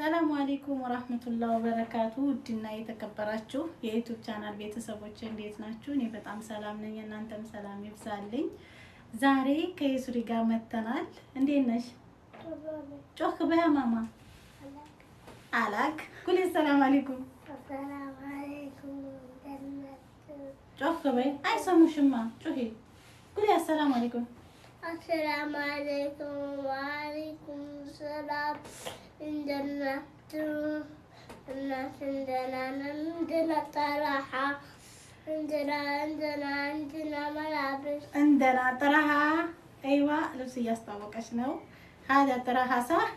ሰላሙ አሌይኩም ወራህመቱላሂ ወበረካቱ። ውድና የተከበራችሁ የዩቲዩብ ቻናል ቤተሰቦች እንዴት ናችሁ? እኔ በጣም ሰላም ነኝ፣ እናንተም ሰላም ይብዛልኝ። ዛሬ ከየሱሪ ጋር መተናል። እንዴት ነሽ? ጮክ በያማማ ማማ አላክ ኩል ሰላም አሌይኩም ጮክ በይ። አይሰሙሽማ ጮሂ ኩል ሰላም አሌይኩም አሰላሙ አሌይኩም ወአሌይኩም ሰላም عندنا عندنا عندنا طرحة عندنا عندنا عندنا ملابس عندنا طرحة أيوة لبس يسطوك شنو هذا طرحة صح؟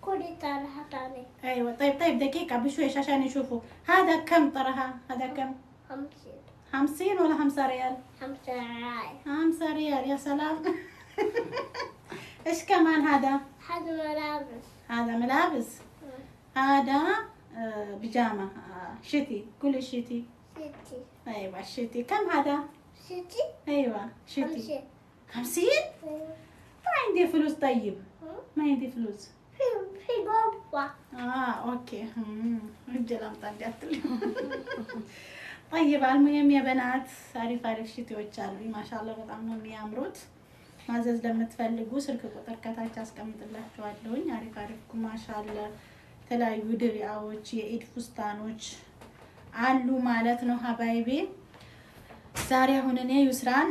كل طرحة ثاني أيوة طيب طيب دقيقة بشويش عشان يشوفوا هذا كم طرحة هذا كم؟ خمسين خمسين ولا خمسة ريال؟ خمسة ريال خمسة ريال يا سلام إيش كمان هذا؟ هذا ملابس هذا ملابس هذا بيجامة شتي كل شتي شتي أيوة شتي كم هذا؟ شتي أيوة شتي خمسين؟ ما عندي فلوس طيب ما عندي فلوس في في قبة آه أوكي الجلام طقت لي طيب المهم يا بنات ساري አሪፍ شتي ሽቲዎች ما شاء الله بطعمهم يامروت ማዘዝ ለምትፈልጉ ስልክ ቁጥር ከታች አስቀምጥላችኋለሁኝ። አሪፍ አሪፍ ጉማሽ አለ፣ የተለያዩ ድሪያዎች፣ የኢድ ፉስታኖች አሉ ማለት ነው። ሀባይቤ ዛሬ አሁን እኔ ዩስራን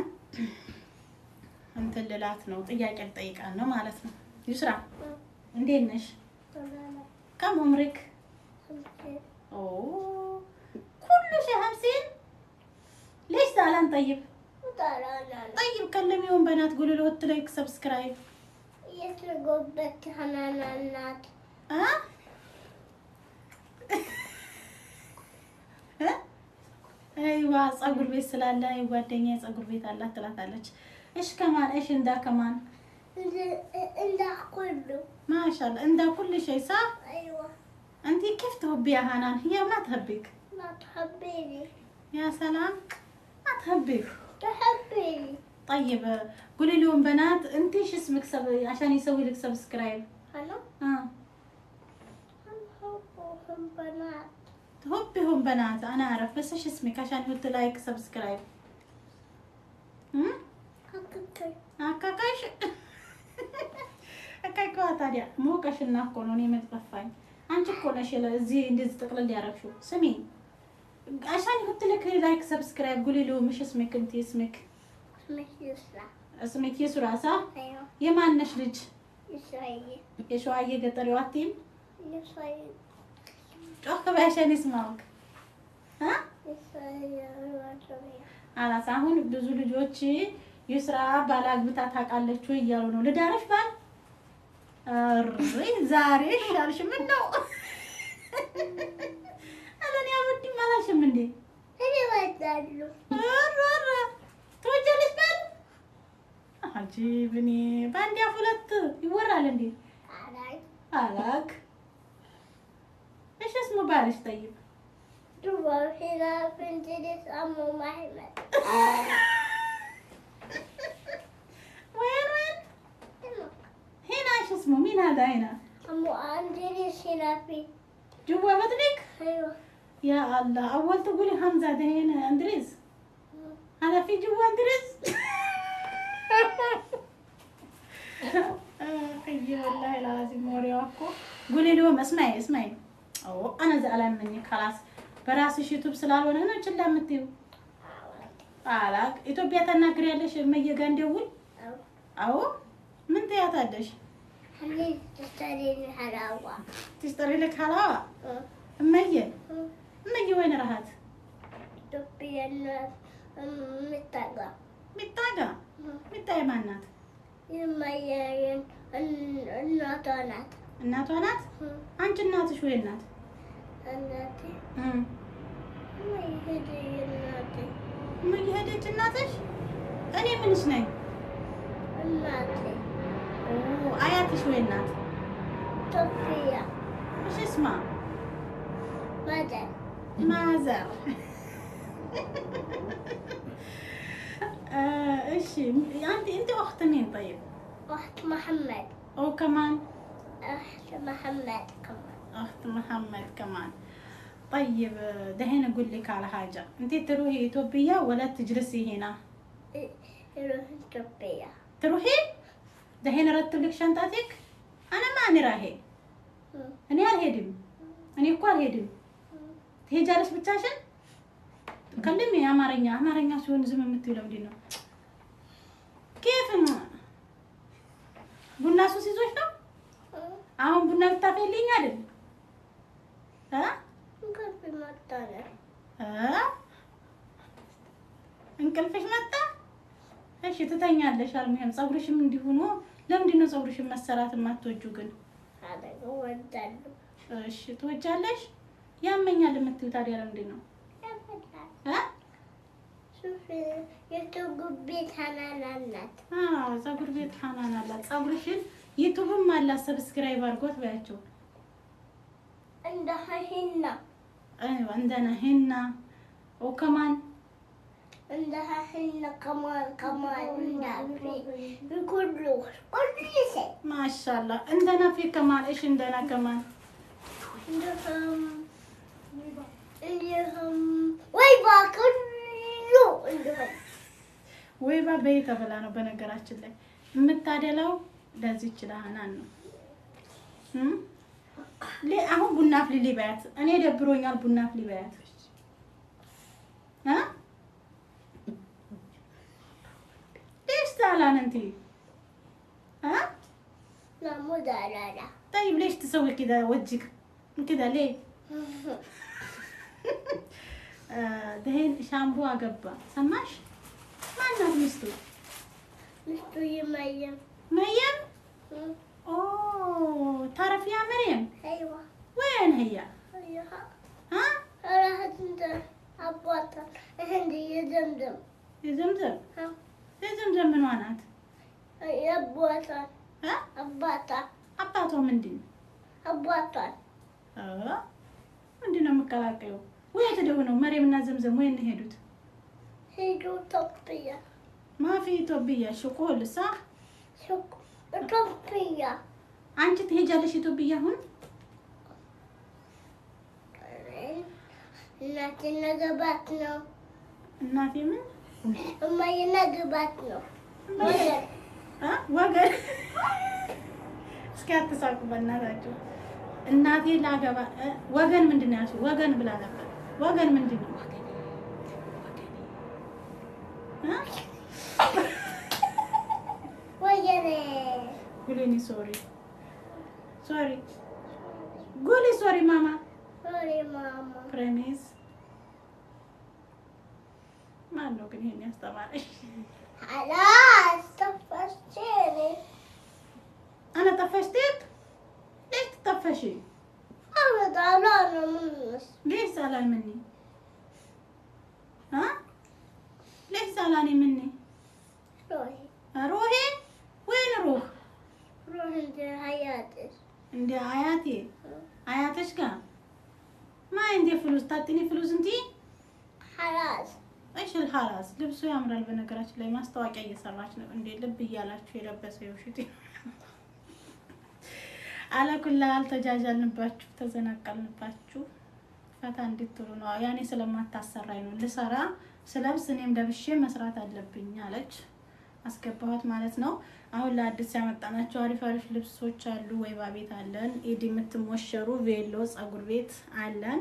እንትን ልላት ነው፣ ጥያቄ ልጠይቃት ነው ማለት ነው። ዩስራ እንዴት ነሽ? ከም ዑምሪክ ኩሉ ሸ ሌሽ ዛላን ጠይብ طيب كلميهم بنات قولوا له لايك سبسكرايب يسرقوا بيت حنانات ها؟ አይዋ ፀጉር ቤት ስላለ ጓደኛ የፀጉር ቤት አላት ትላታለች። እሽ ከማን እሽ እንዳ ከማን እንዳ ኩሉ ማሻላ እንዳ ኩሉ ሸይ ሳ አንቲ كيف تحبي يا حنان هي ما تحبك ما تحبيني يا سلام ما تحبك تحبيني طيب قولي لهم بنات انت شو اسمك سب... عشان يسوي لك سبسكرايب انا؟ اه هم بنات تحبهم بنات انا اعرف بس ايش اسمك عشان يحط لايك سبسكرايب هم؟ አካካሽ አካካ ታዲያ ሞቀሽ እና እኮ ነው እኔ መጥፋፋኝ። አንቺ እኮ ነሽ እዚህ እንደዚህ ጥቅልል عشان يحط لك لايك سبسكرايب قولي له مش اسمك انت اسمك اسمك يسرا اسمك يسرا صح؟ ايوه يا يمان نش لج يسوعية يسوعية قطر واتيم يسوعية ጮክ በይ አሸን ይስማውክ አላስ አሁን ብዙ ልጆች ይስራ ባል አግብታ ታውቃለች ወይ እያሉ ነው። ልዳርሽ ባል ዛሬ ይሻልሽ ምን ነው? አልሰማሽም እንዴ? እኔ እወዳለሁ። ኧረ ኧረ ትወጃለሽ? በል አጂብ። እኔ በአንድ አፍ ሁለት ይወራል እንዴ? አላክ። እሺ እስሙ ባልሽ ጠይቅ اسمه مين هذا هنا؟ أمو أندريس هنا في جوا بطنك؟ أيوه يا الله أول تقولي همزة دهين أندريس أنا في جوا أندريس حي والله العظيم ورياكو قولي لهم اسمعي اسمعي أو أنا زعلان منك خلاص በራስሽ ዩቱብ ስላልሆነ ነው ችላ የምትይው። አላቅ ኢትዮጵያ ተናግሪያለሽ እመዬ ጋር እንደውል። አዎ ምን ትያታለሽ? ትስጠሪ ልክ ሀላዋ እመዬ ምን ይሆን ረሃት ሚጣጋ ሚጣጋ ሚጣ የማን ናት? እናቷ ናት። እናቷ ናት። አንቺ እናትሽ ወይ ናት? ምን የሄደች እናትሽ? እኔ ነኝ? አያትሽ ወይ ናት? ቶፊያ እሺ፣ ስማ ما زال آه، ايش انت انت اخت مين طيب؟ اخت محمد وكمان اخت محمد كمان اخت محمد كمان طيب دحين اقول لك على حاجه انت تروحي اثيوبيا ولا تجلسي هنا؟ اروح إيه، اثيوبيا تروحي؟ دحين ارتب لك شنطتك؟ انا ماني راهي انا الهدم انا كو الهدم ትሄጃለሽ ብቻሽን። ቀልም አማርኛ አማርኛ ሲሆን ዝም የምትውለው እንዴት ነው? ኬፍ ቡና ሱስ ይዞሽ ነው? አሁን ቡና ብታፈልኝ አይደል? እንቅልፍሽ መጣ። እሺ ትተኛለሽ። አልሙሄም ፀጉርሽም እንዲሁ ነው። ለምንድን ነው ፀጉርሽም መሰራት የማትወጂው ግን? እሺ ትወጃለሽ ያመኛል የምትይው ታዲያ ለምንድን ነው? የፀጉር ቤት ሀናን አላት። ፀጉር ቤት ሀናን አላት። ፀጉርሽን ዩቱብም አላት። ሰብስክራይብ አድርጎት በያቸው። እንደ ሂና እንደና ሂና ከማን እንደ ሂና ከማን ከማን ማሻላ እንደና ፊ ከማን እሽ እንደና ከማን ሀቢባ በይታ ብላ ነው። በነገራችን ላይ የምታደላው ለዚህ ይችላልናን ነው። አሁን ቡና አፍሊ ሊበያት እኔ ደብሮኛል። ቡና አፍሊ በያት ዳላን እንት አ ናሙ ዳላላ طيب ليش تسوي كذا وجهك كذا ليه دهين شامبو አገባ ሰማሽ ማናት ሚስቱ? ሚስቱ መየም መየም ታረፍ ያ መርየም ወይን ህያ የዘምዘም የዘምዘም ምኗ ናት? አባቷ አባቷ ምንድን ነው? አባቷን ምንድን ነው የምቀላቀየው? ወይ ተደው ነው መርየምና ዘምዘም ወይ እንሄዱት ሄዶ ኢትዮጵያ ማፊ ኢትዮጵያ ሽቁል ሳ ኢትዮጵያ አንቺ ትሄጃለሽ ኢትዮጵያ አሁን እናቴ ነገባት ነው። እናቴ ምን እማዬ ነገባት ነው። ወገን እስኪ አትሳቁ በእናታችሁ። እናቴ ላገባ ወገን ምንድን ነው ያልሽው? ወገን ብላ ነበር። ወገን ምንድን ነው? قوليني سوري سوري قولي سوري ماما سوري ماما بريميز ما نوقن هنا طبعا خلاص طفشتيني انا طفشتك ليش تطفشي انا زعلانه منك ليش زعلان مني እንደ አያቴ አያተሽ ጋር ማይ እንደ ፍሉስ ታጥኒ ፍሉስ እንጂ ሐራስ እሺ፣ ሐራስ ልብሱ ያምራል። በነገራችን ላይ ማስታወቂያ እየሰራች ነው። እንደ ልብ እያላችሁ የለበሰው የውሽት አለኩላ አልተጃጃልንባችሁ፣ ተዘናቀልንባችሁ። ፈታ እንድትሉ ነው ያኔ ስለማታሰራኝ ነው ልሰራ ስለብስ እኔም ለብሼ መስራት አለብኝ አለች። አስገባኋት ማለት ነው። አሁን ለአዲስ ያመጣናቸው አሪፍ አሪፍ ልብሶች አሉ። ወይባ ቤት አለን። ኢድ የምትሞሸሩ ቬሎ ጸጉር ቤት አለን።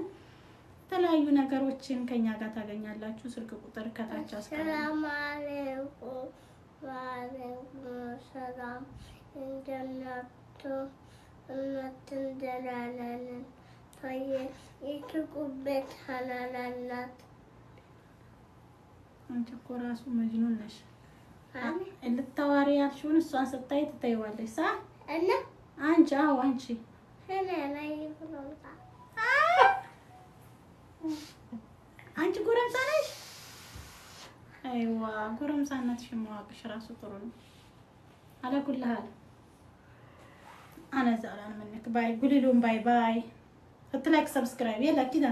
የተለያዩ ነገሮችን ከኛ ጋር ታገኛላችሁ። ስልክ ቁጥር ከታች ሰላም እንደናቶ እናት እንደላላለን የትቁበት ሀላላላት አንቺ እኮ ራሱ መጅኑን ነሽ። ዛሬ ያልሽውን እሷን ስታይ ትተይዋለሽ። ሳ እና አንቺ አዎ አንቺ አንቺ ጎረምሳ ነሽ። አይዋ ጎረምሳነትሽን ማወቅሽ ራሱ ጥሩ ነው። አለኩልሃል አነዛላን ምንክ ባይ ጉልሉም ባይ ባይ እትላይክ ሰብስክራይብ የላ ኪዳ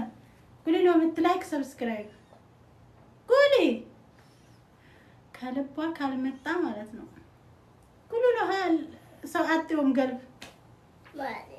ጉልሉም እትላይክ ሰብስክራይብ ጉሊ ከልቧ ካልመጣ ማለት ነው። قولوا له هل سوعدتي ام قلب